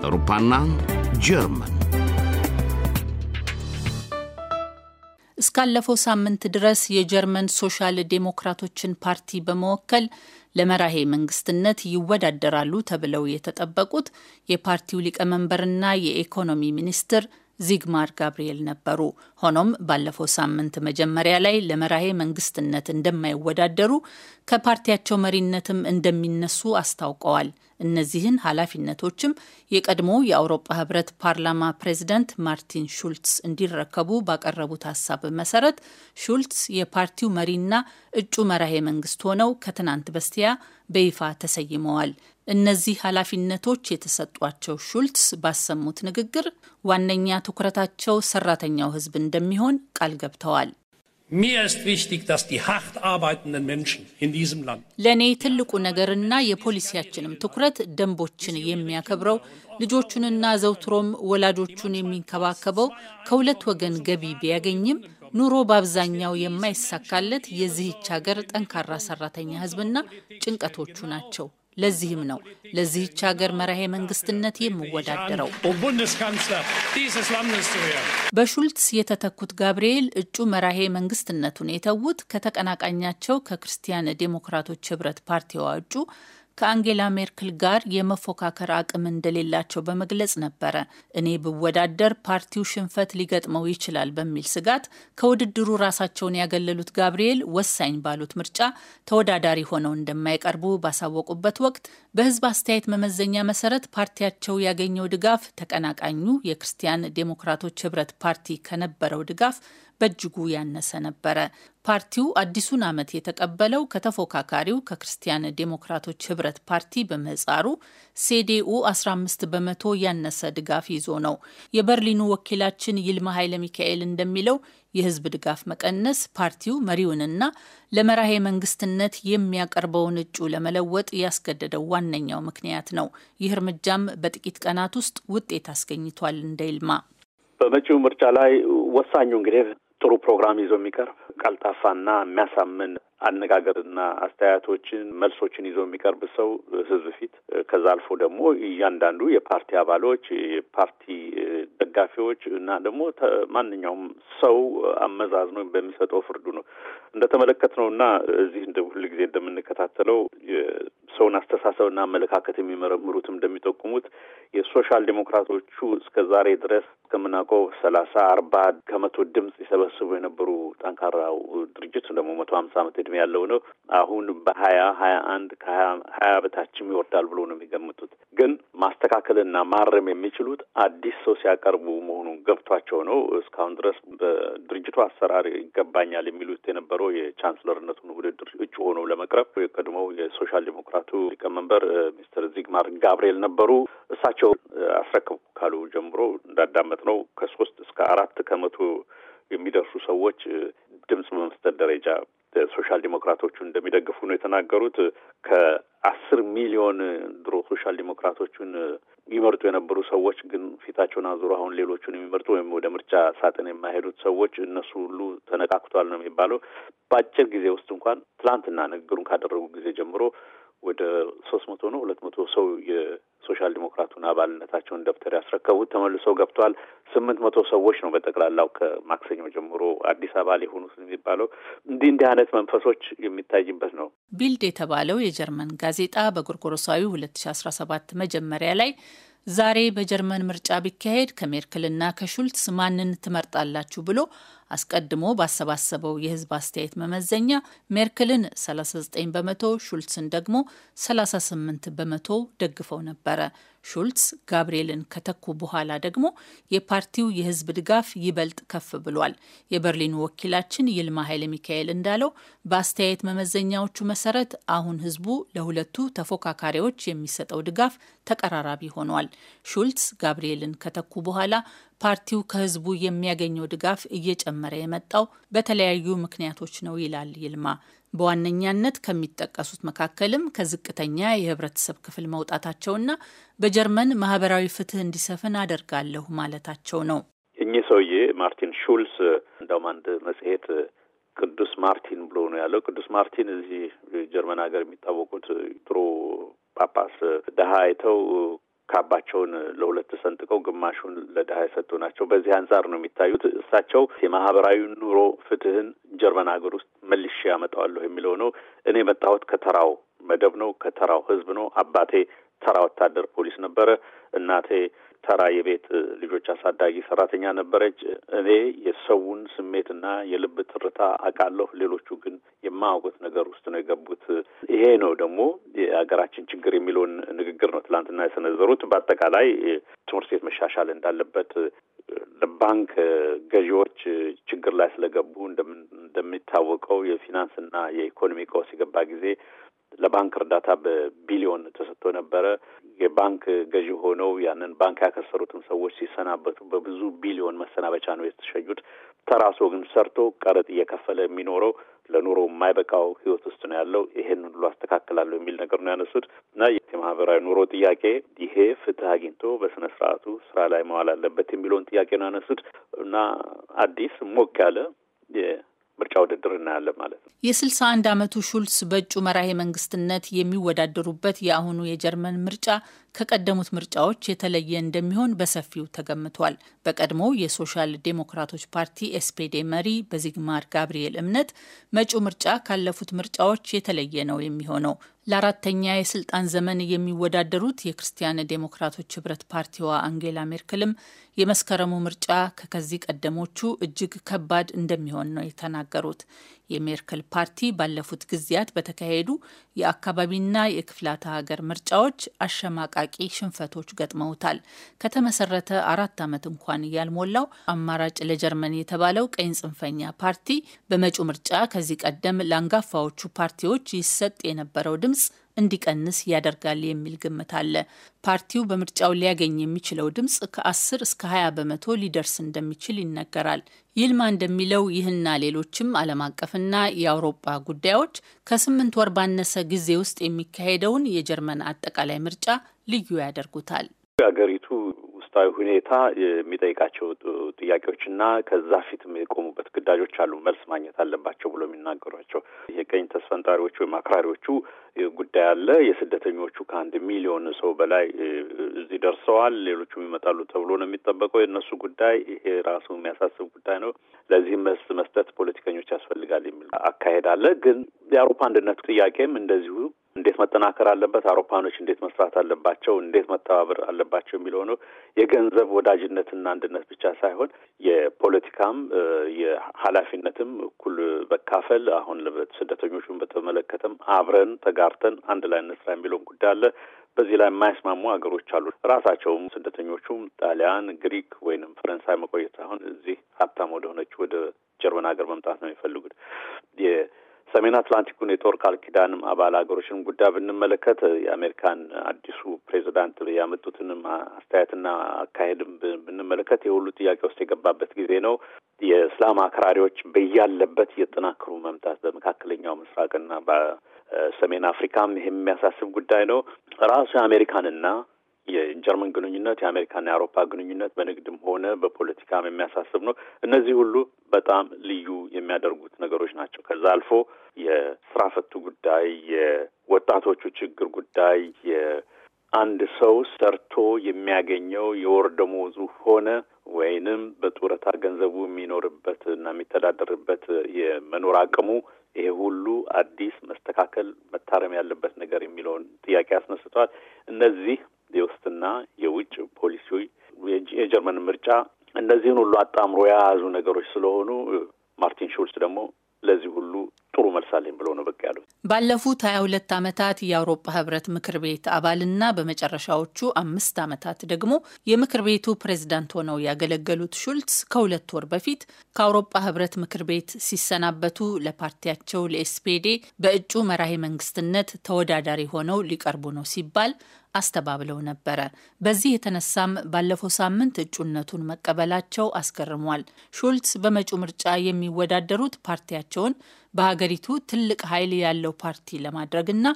አውሮፓና ጀርመን እስካለፈው ሳምንት ድረስ የጀርመን ሶሻል ዴሞክራቶችን ፓርቲ በመወከል ለመራሄ መንግስትነት ይወዳደራሉ ተብለው የተጠበቁት የፓርቲው ሊቀመንበርና የኢኮኖሚ ሚኒስትር ዚግማር ጋብርኤል ነበሩ። ሆኖም ባለፈው ሳምንት መጀመሪያ ላይ ለመራሄ መንግስትነት እንደማይወዳደሩ ከፓርቲያቸው መሪነትም እንደሚነሱ አስታውቀዋል። እነዚህን ኃላፊነቶችም የቀድሞ የአውሮፓ ህብረት ፓርላማ ፕሬዝደንት ማርቲን ሹልትስ እንዲረከቡ ባቀረቡት ሀሳብ መሰረት ሹልትስ የፓርቲው መሪና እጩ መራሄ መንግስት ሆነው ከትናንት በስቲያ በይፋ ተሰይመዋል። እነዚህ ኃላፊነቶች የተሰጧቸው ሹልትስ ባሰሙት ንግግር ዋነኛ ትኩረታቸው ሰራተኛው ህዝብ እንደሚሆን ቃል ገብተዋል። Mir ist wichtig, dass die hart arbeitenden Menschen in diesem Land. ለኔ ትልቁ ነገርና የፖሊሲያችንም ትኩረት ደንቦችን የሚያከብረው ልጆቹንና ዘውትሮም ወላጆቹን የሚንከባከበው ከሁለት ወገን ገቢ ቢያገኝም ኑሮ በአብዛኛው የማይሳካለት የዚህች ሀገር ጠንካራ ሰራተኛ ህዝብና ጭንቀቶቹ ናቸው። ለዚህም ነው ለዚህች ሀገር መራሄ መንግስትነት የምወዳደረው። በሹልትስ የተተኩት ጋብርኤል እጩ መራሄ መንግስትነቱን የተዉት ከተቀናቃኛቸው ከክርስቲያን ዴሞክራቶች ህብረት ፓርቲዋ እጩ ከአንጌላ ሜርክል ጋር የመፎካከር አቅም እንደሌላቸው በመግለጽ ነበረ። እኔ ብወዳደር ፓርቲው ሽንፈት ሊገጥመው ይችላል በሚል ስጋት ከውድድሩ ራሳቸውን ያገለሉት ጋብርኤል ወሳኝ ባሉት ምርጫ ተወዳዳሪ ሆነው እንደማይቀርቡ ባሳወቁበት ወቅት በሕዝብ አስተያየት መመዘኛ መሰረት ፓርቲያቸው ያገኘው ድጋፍ ተቀናቃኙ የክርስቲያን ዴሞክራቶች ህብረት ፓርቲ ከነበረው ድጋፍ በእጅጉ ያነሰ ነበረ። ፓርቲው አዲሱን ዓመት የተቀበለው ከተፎካካሪው ከክርስቲያን ዴሞክራቶች ህብረት ፓርቲ በምህጻሩ ሴዴኡ 15 በመቶ ያነሰ ድጋፍ ይዞ ነው። የበርሊኑ ወኪላችን ይልማ ኃይለ ሚካኤል እንደሚለው የህዝብ ድጋፍ መቀነስ ፓርቲው መሪውንና ለመራሄ መንግስትነት የሚያቀርበውን እጩ ለመለወጥ ያስገደደው ዋነኛው ምክንያት ነው። ይህ እርምጃም በጥቂት ቀናት ውስጥ ውጤት አስገኝቷል። እንደ ይልማ በመጪው ምርጫ ላይ ወሳኙ እንግዲህ ጥሩ ፕሮግራም ይዞ የሚቀርብ ቀልጣፋና የሚያሳምን አነጋገርና አስተያየቶችን መልሶችን ይዞ የሚቀርብ ሰው ህዝብ ፊት ከዛ አልፎ ደግሞ እያንዳንዱ የፓርቲ አባሎች የፓርቲ ደጋፊዎች እና ደግሞ ማንኛውም ሰው ነው በሚሰጠው ፍርዱ ነው እንደተመለከት ነው እና እዚህ ሁል ጊዜ እንደምንከታተለው ሰውን አስተሳሰብና አመለካከት የሚመረምሩት እንደሚጠቁሙት የሶሻል ዴሞክራቶቹ እስከ ዛሬ ድረስ ከምናውቀው ሰላሳ አርባ ከመቶ ድምጽ ይሰበስቡ የነበሩ ጠንካራው ድርጅት ደግሞ መቶ ሀምሳ አመት እድሜ ያለው ነው። አሁን በሀያ ሀያ አንድ ከሀያ በታችም ይወርዳል ብሎ ነው የሚገምቱት። ግን ማስተካከልና ማረም የሚችሉት አዲስ ሰው ሲያቀርቡ መሆኑን ገብቷቸው ነው። እስካሁን ድረስ በድርጅቱ አሰራር ይገባኛል የሚሉት የነበረው የቻንስለርነቱን ውድድር ለመቅረብ የቀድሞው የሶሻል ዲሞክራቱ ሊቀመንበር ሚስተር ዚግማር ጋብርኤል ነበሩ። እሳቸው አስረክቡ ካሉ ጀምሮ እንዳዳመጥ ነው ከሶስት እስከ አራት ከመቶ የሚደርሱ ሰዎች ድምፅ በመስጠት ደረጃ ሶሻል ዲሞክራቶቹ እንደሚደግፉ ነው የተናገሩት። ከአስር ሚሊዮን ድሮ ሶሻል ዲሞክራቶቹን ይመርጡ የነበሩ ሰዎች ግን ፊታቸውን አዙሮ አሁን ሌሎቹን የሚመርጡ ወይም ወደ ምርጫ ሳጥን የማይሄዱት ሰዎች እነሱ ሁሉ ተነቃክቷል ነው የሚባለው። በአጭር ጊዜ ውስጥ እንኳን ትላንትና ንግግሩን ካደረጉ ጊዜ ጀምሮ ወደ ሶስት መቶ ነው ሁለት መቶ ሰው የሶሻል ዲሞክራቱን አባልነታቸውን ደብተር ያስረከቡት ተመልሰው ገብተዋል። ስምንት መቶ ሰዎች ነው በጠቅላላው ከማክሰኞ ጀምሮ አዲስ አባል የሆኑት የሚባለው እንዲህ እንዲህ አይነት መንፈሶች የሚታይበት ነው። ቢልድ የተባለው የጀርመን ጋዜጣ በጎርጎሮሳዊ ሁለት ሺ አስራ ሰባት መጀመሪያ ላይ ዛሬ በጀርመን ምርጫ ቢካሄድ ከሜርክልና ከሹልትስ ማንን ትመርጣላችሁ ብሎ አስቀድሞ ባሰባሰበው የህዝብ አስተያየት መመዘኛ ሜርክልን 39 በመቶ ሹልትስን ደግሞ 38 በመቶ ደግፈው ነበረ። ሹልትስ ጋብርኤልን ከተኩ በኋላ ደግሞ የፓርቲው የህዝብ ድጋፍ ይበልጥ ከፍ ብሏል። የበርሊኑ ወኪላችን ይልማ ኃይለ ሚካኤል እንዳለው በአስተያየት መመዘኛዎቹ መሰረት አሁን ህዝቡ ለሁለቱ ተፎካካሪዎች የሚሰጠው ድጋፍ ተቀራራቢ ሆኗል። ሹልትስ ጋብርኤልን ከተኩ በኋላ ፓርቲው ከህዝቡ የሚያገኘው ድጋፍ እየጨመረ የመጣው በተለያዩ ምክንያቶች ነው ይላል ይልማ። በዋነኛነት ከሚጠቀሱት መካከልም ከዝቅተኛ የህብረተሰብ ክፍል መውጣታቸውና በጀርመን ማህበራዊ ፍትህ እንዲሰፍን አደርጋለሁ ማለታቸው ነው። እኚህ ሰውዬ ማርቲን ሹልስ እንደውም አንድ መጽሔት ቅዱስ ማርቲን ብሎ ነው ያለው። ቅዱስ ማርቲን እዚህ ጀርመን ሀገር የሚታወቁት ጥሩ ጳጳስ ድሀ አይተው ካባቸውን ለሁለት ሰንጥቀው ግማሹን ለድሀ የሰጡ ናቸው። በዚህ አንጻር ነው የሚታዩት። እሳቸው የማህበራዊ ኑሮ ፍትህን ጀርመን ሀገር ውስጥ መልሼ ያመጣዋለሁ የሚለው ነው። እኔ የመጣሁት ከተራው መደብ ነው፣ ከተራው ህዝብ ነው። አባቴ ተራ ወታደር ፖሊስ ነበረ። እናቴ ተራ የቤት ልጆች አሳዳጊ ሰራተኛ ነበረች። እኔ የሰውን ስሜትና የልብ ትርታ አውቃለሁ። ሌሎቹ ግን የማያውቁት ነገር ውስጥ ነው የገቡት። ይሄ ነው ደግሞ የሀገራችን ችግር የሚለውን ንግግር ነው ትላንትና የሰነዘሩት። በአጠቃላይ ትምህርት ቤት መሻሻል እንዳለበት ለባንክ ገዢዎች ችግር ላይ ስለገቡ እንደሚታወቀው የፊናንስና የኢኮኖሚ ቀውስ የገባ ጊዜ ለባንክ እርዳታ በቢሊዮን ተሰጥቶ ነበረ። የባንክ ገዢ ሆነው ያንን ባንክ ያከሰሩትን ሰዎች ሲሰናበቱ በብዙ ቢሊዮን መሰናበቻ ነው የተሸኙት። ተራሶ ግን ሰርቶ ቀረጥ እየከፈለ የሚኖረው ለኑሮ የማይበቃው ህይወት ውስጥ ነው ያለው። ይሄን ሁሉ አስተካክላለሁ የሚል ነገር ነው ያነሱት እና የማህበራዊ ኑሮ ጥያቄ ይሄ ፍትህ አግኝቶ በስነ ስርዓቱ ስራ ላይ መዋል አለበት የሚለውን ጥያቄ ነው ያነሱት እና አዲስ ሞቅ ያለ ምርጫ ውድድር እናያለን ማለት ነው። የስልሳ አንድ አመቱ ሹልስ በእጩ መራሄ መንግስትነት የሚወዳደሩበት የአሁኑ የጀርመን ምርጫ ከቀደሙት ምርጫዎች የተለየ እንደሚሆን በሰፊው ተገምቷል። በቀድሞ የሶሻል ዴሞክራቶች ፓርቲ ኤስፔዴ መሪ በዚግማር ጋብርኤል እምነት መጪው ምርጫ ካለፉት ምርጫዎች የተለየ ነው የሚሆነው። ለአራተኛ የስልጣን ዘመን የሚወዳደሩት የክርስቲያን ዴሞክራቶች ህብረት ፓርቲዋ አንጌላ ሜርክልም የመስከረሙ ምርጫ ከከዚህ ቀደሞቹ እጅግ ከባድ እንደሚሆን ነው የተናገሩት። የሜርከል ፓርቲ ባለፉት ጊዜያት በተካሄዱ የአካባቢና የክፍላተ ሀገር ምርጫዎች አሸማቃቂ ሽንፈቶች ገጥመውታል። ከተመሰረተ አራት ዓመት እንኳን ያልሞላው አማራጭ ለጀርመን የተባለው ቀኝ ጽንፈኛ ፓርቲ በመጪው ምርጫ ከዚህ ቀደም ለአንጋፋዎቹ ፓርቲዎች ይሰጥ የነበረው ድምፅ እንዲቀንስ ያደርጋል የሚል ግምት አለ። ፓርቲው በምርጫው ሊያገኝ የሚችለው ድምፅ ከ10 እስከ 20 በመቶ ሊደርስ እንደሚችል ይነገራል። ይልማ እንደሚለው ይህና ሌሎችም ዓለም አቀፍና የአውሮፓ ጉዳዮች ከስምንት ወር ባነሰ ጊዜ ውስጥ የሚካሄደውን የጀርመን አጠቃላይ ምርጫ ልዩ ያደርጉታል። የአገሪቱ ውስጣዊ ሁኔታ የሚጠይቃቸው ጥያቄዎችና ከዛ ፊት የሚቆሙ ሰዎች አሉ መልስ ማግኘት አለባቸው ብሎ የሚናገሯቸው የቀኝ ተስፈንጣሪዎቹ ወይም አክራሪዎቹ ጉዳይ አለ። የስደተኞቹ ከአንድ ሚሊዮን ሰው በላይ እዚህ ደርሰዋል፣ ሌሎቹም ይመጣሉ ተብሎ ነው የሚጠበቀው። የእነሱ ጉዳይ ይሄ ራሱ የሚያሳስብ ጉዳይ ነው። ለዚህ መልስ መስጠት ፖለቲከኞች ያስፈልጋል የሚል አካሄድ አለ። ግን የአውሮፓ አንድነት ጥያቄም እንደዚሁ እንዴት መጠናከር አለበት፣ አውሮፓኖች እንዴት መስራት አለባቸው፣ እንዴት መተባበር አለባቸው የሚለው ነው። የገንዘብ ወዳጅነትና አንድነት ብቻ ሳይሆን የፖለቲካም የኃላፊነትም እኩል መካፈል አሁን ስደተኞቹን በተመለከተም አብረን ተጋርተን አንድ ላይ እንስራ የሚለውን ጉዳይ አለ። በዚህ ላይ የማይስማሙ ሀገሮች አሉ። ራሳቸውም ስደተኞቹም ጣሊያን፣ ግሪክ ወይንም ፈረንሳይ መቆየት ሳይሆን እዚህ ሀብታም ወደሆነች ወደ ጀርመን ሀገር መምጣት ነው የሚፈልጉት። ሰሜን አትላንቲኩን የጦር ቃል ኪዳንም አባል ሀገሮችን ጉዳይ ብንመለከት የአሜሪካን አዲሱ ፕሬዚዳንት ያመጡትንም አስተያየትና አካሄድም ብንመለከት የሁሉ ጥያቄ ውስጥ የገባበት ጊዜ ነው። የእስላም አክራሪዎች በያለበት እየጠናከሩ መምጣት በመካከለኛው ምስራቅና በሰሜን አፍሪካም ይህ የሚያሳስብ ጉዳይ ነው። ራሱ የአሜሪካንና የጀርመን ግንኙነት የአሜሪካና የአውሮፓ ግንኙነት በንግድም ሆነ በፖለቲካም የሚያሳስብ ነው። እነዚህ ሁሉ በጣም ልዩ የሚያደርጉት ነገሮች ናቸው። ከዛ አልፎ የስራ ፈቱ ጉዳይ፣ የወጣቶቹ ችግር ጉዳይ፣ የአንድ ሰው ሰርቶ የሚያገኘው የወር ደመወዙ ሆነ ወይንም በጡረታ ገንዘቡ የሚኖርበት እና የሚተዳደርበት የመኖር አቅሙ ይሄ ሁሉ አዲስ መስተካከል መታረም ያለበት ነገር የሚለውን ጥያቄ አስነስተዋል። እነዚህ የውስጥና የውጭ ፖሊሲዎች፣ የጀርመን ምርጫ እነዚህን ሁሉ አጣምሮ የያዙ ነገሮች ስለሆኑ ማርቲን ሹልስ ደግሞ ለዚህ ሁሉ ጥሩ መልሳለኝ ብሎ ነው በቃ ያሉት። ባለፉት ሀያ ሁለት ዓመታት የአውሮፓ ህብረት ምክር ቤት አባልና በመጨረሻዎቹ አምስት ዓመታት ደግሞ የምክር ቤቱ ፕሬዝዳንት ሆነው ያገለገሉት ሹልትስ ከሁለት ወር በፊት ከአውሮፓ ህብረት ምክር ቤት ሲሰናበቱ ለፓርቲያቸው ለኤስፔዴ በእጩ መራሄ መንግስትነት ተወዳዳሪ ሆነው ሊቀርቡ ነው ሲባል አስተባብለው ነበረ። በዚህ የተነሳም ባለፈው ሳምንት እጩነቱን መቀበላቸው አስገርሟል። ሹልትስ በመጪው ምርጫ የሚወዳደሩት ፓርቲያቸውን በሀገሪቱ ትልቅ ኃይል ያለው ፓርቲ ለማድረግና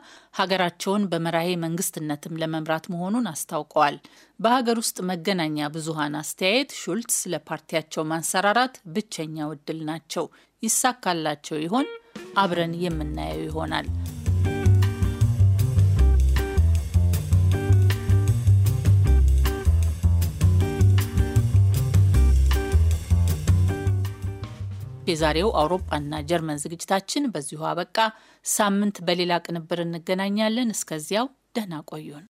ሀገራቸውን በመራሄ መንግስትነትም ለመምራት መሆኑን አስታውቀዋል። በሀገር ውስጥ መገናኛ ብዙሃን አስተያየት ሹልትስ ለፓርቲያቸው ማንሰራራት ብቸኛው እድል ናቸው። ይሳካላቸው ይሆን? አብረን የምናየው ይሆናል። የዛሬው አውሮፓና ጀርመን ዝግጅታችን በዚሁ አበቃ። ሳምንት በሌላ ቅንብር እንገናኛለን። እስከዚያው ደህና ቆዩን።